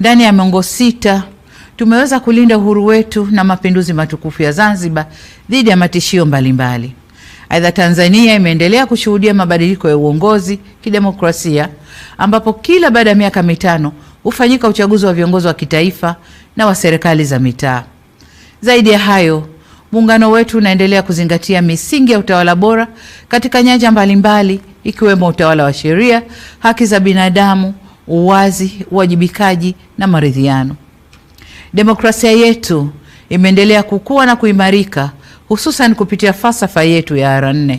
Ndani ya miongo sita tumeweza kulinda uhuru wetu na mapinduzi matukufu ya Zanzibar dhidi ya matishio mbalimbali. Aidha, Tanzania imeendelea kushuhudia mabadiliko ya uongozi kidemokrasia, ambapo kila baada ya miaka mitano hufanyika uchaguzi wa viongozi wa kitaifa na wa serikali za mitaa. Zaidi ya hayo, muungano wetu unaendelea kuzingatia misingi ya utawala bora katika nyanja mbalimbali ikiwemo utawala wa sheria, haki za binadamu uwazi, uwajibikaji na maridhiano. Demokrasia yetu imeendelea kukua na kuimarika hususan kupitia falsafa yetu ya R4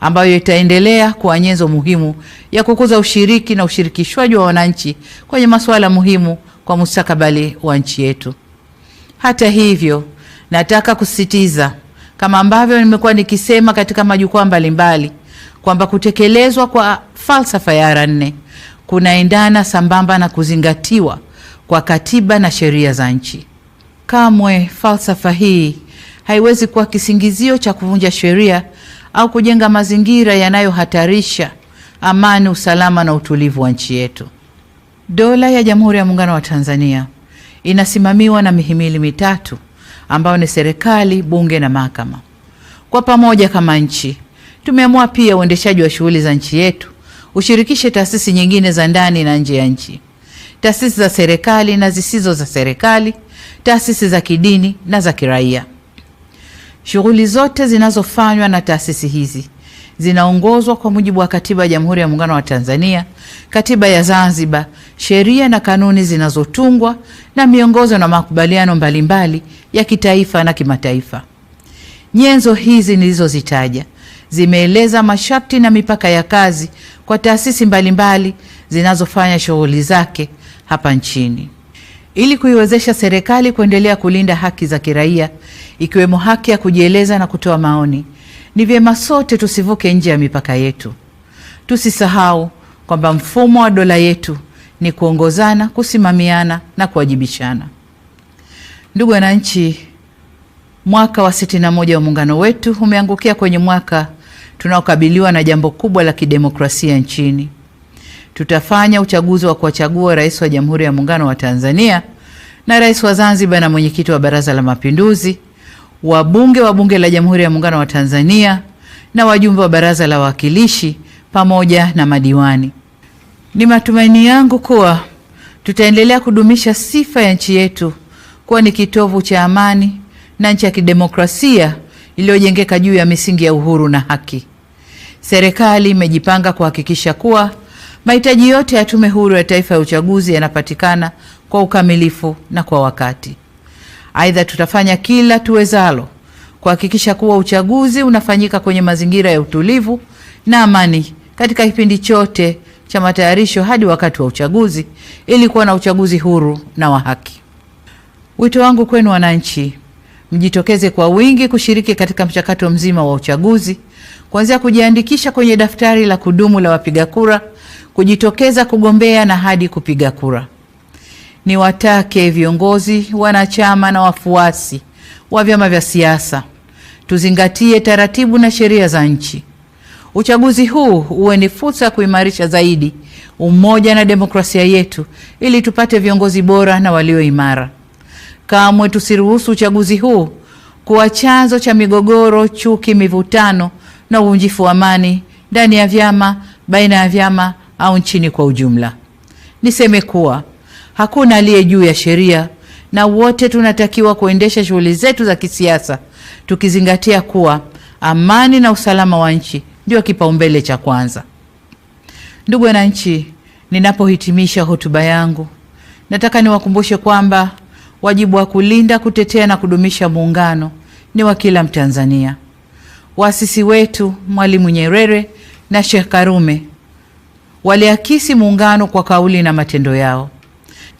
ambayo itaendelea kuwa nyenzo muhimu ya kukuza ushiriki na ushirikishwaji wa wananchi kwenye masuala muhimu kwa mustakabali wa nchi yetu. Hata hivyo, nataka kusisitiza kama ambavyo nimekuwa nikisema katika majukwaa mbalimbali kwamba kutekelezwa kwa falsafa ya R4 kunaendana sambamba na kuzingatiwa kwa katiba na sheria za nchi. Kamwe falsafa hii haiwezi kuwa kisingizio cha kuvunja sheria au kujenga mazingira yanayohatarisha amani, usalama na utulivu wa nchi yetu. Dola ya Jamhuri ya Muungano wa Tanzania inasimamiwa na mihimili mitatu ambayo ni serikali, bunge na mahakama. Kwa pamoja kama nchi tumeamua pia uendeshaji wa shughuli za nchi yetu ushirikishe taasisi nyingine za ndani na nje ya nchi, taasisi za serikali na zisizo za serikali, taasisi za kidini na za kiraia. Shughuli zote zinazofanywa na taasisi hizi zinaongozwa kwa mujibu wa Katiba ya Jamhuri ya Muungano wa Tanzania, Katiba ya Zanzibar, sheria na kanuni zinazotungwa na miongozo na makubaliano mbalimbali ya kitaifa na kimataifa. Nyenzo hizi nilizozitaja zimeeleza masharti na mipaka ya kazi kwa taasisi mbalimbali zinazofanya shughuli zake hapa nchini ili kuiwezesha serikali kuendelea kulinda haki za kiraia ikiwemo haki ya kujieleza na kutoa maoni. Ni vyema sote tusivuke nje ya mipaka yetu. Tusisahau kwamba mfumo wa dola yetu ni kuongozana, kusimamiana na kuwajibishana. Ndugu wananchi, mwaka wa 61 wa muungano wetu umeangukia kwenye mwaka tunaokabiliwa na jambo kubwa la kidemokrasia nchini. Tutafanya uchaguzi wa kuwachagua rais wa Jamhuri ya Muungano wa Tanzania na rais wa Zanzibar na mwenyekiti wa Baraza la Mapinduzi, wabunge wa Bunge la Jamhuri ya Muungano wa Tanzania na wajumbe wa Baraza la Wawakilishi pamoja na madiwani. Ni matumaini yangu kuwa tutaendelea kudumisha sifa ya nchi yetu kuwa ni kitovu cha amani na nchi ya kidemokrasia iliyojengeka juu ya misingi ya uhuru na haki serikali imejipanga kuhakikisha kuwa mahitaji yote ya Tume Huru ya Taifa ya Uchaguzi yanapatikana kwa ukamilifu na kwa wakati. Aidha, tutafanya kila tuwezalo kuhakikisha kuwa uchaguzi unafanyika kwenye mazingira ya utulivu na amani katika kipindi chote cha matayarisho hadi wakati wa uchaguzi ili kuwa na uchaguzi huru na wa haki. Wito wangu kwenu wananchi mjitokeze kwa wingi kushiriki katika mchakato mzima wa uchaguzi kuanzia kujiandikisha kwenye daftari la kudumu la wapiga kura, kujitokeza kugombea na hadi kupiga kura. Niwatake viongozi, wanachama na wafuasi wa vyama vya siasa tuzingatie taratibu na sheria za nchi. Uchaguzi huu uwe ni fursa ya kuimarisha zaidi umoja na demokrasia yetu ili tupate viongozi bora na walio imara. Kamwe tusiruhusu uchaguzi huu kuwa chanzo cha migogoro, chuki, mivutano na uvunjifu wa amani ndani ya vyama, baina ya vyama au nchini kwa ujumla. Niseme kuwa hakuna aliye juu ya sheria na wote tunatakiwa kuendesha shughuli zetu za kisiasa tukizingatia kuwa amani na usalama wa nchi ndio kipaumbele cha kwanza. Ndugu wananchi, ninapohitimisha hotuba yangu, nataka niwakumbushe kwamba Wajibu wa kulinda, kutetea na kudumisha muungano ni wa kila Mtanzania. Waasisi wetu Mwalimu Nyerere na Sheikh Karume waliakisi muungano kwa kauli na matendo yao,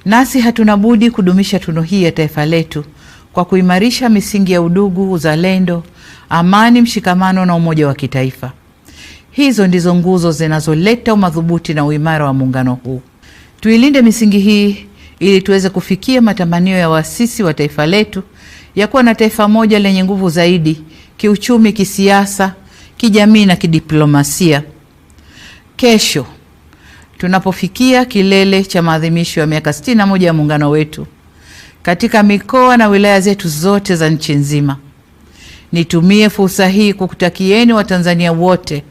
nasi hatuna budi kudumisha tunu hii ya taifa letu kwa kuimarisha misingi ya udugu, uzalendo, amani, mshikamano na umoja wa kitaifa. Hizo ndizo nguzo zinazoleta umadhubuti na uimara wa muungano huu. Tuilinde misingi hii ili tuweze kufikia matamanio ya waasisi wa taifa letu ya kuwa na taifa moja lenye nguvu zaidi kiuchumi, kisiasa, kijamii na kidiplomasia. Kesho tunapofikia kilele cha maadhimisho ya miaka 61 ya muungano wetu katika mikoa na wilaya zetu zote za nchi nzima, nitumie fursa hii kukutakieni Watanzania wote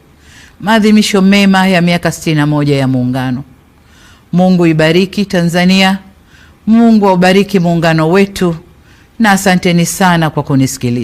maadhimisho mema ya miaka 61 ya muungano. Mungu ibariki Tanzania. Mungu aubariki muungano wetu na asanteni sana kwa kunisikiliza.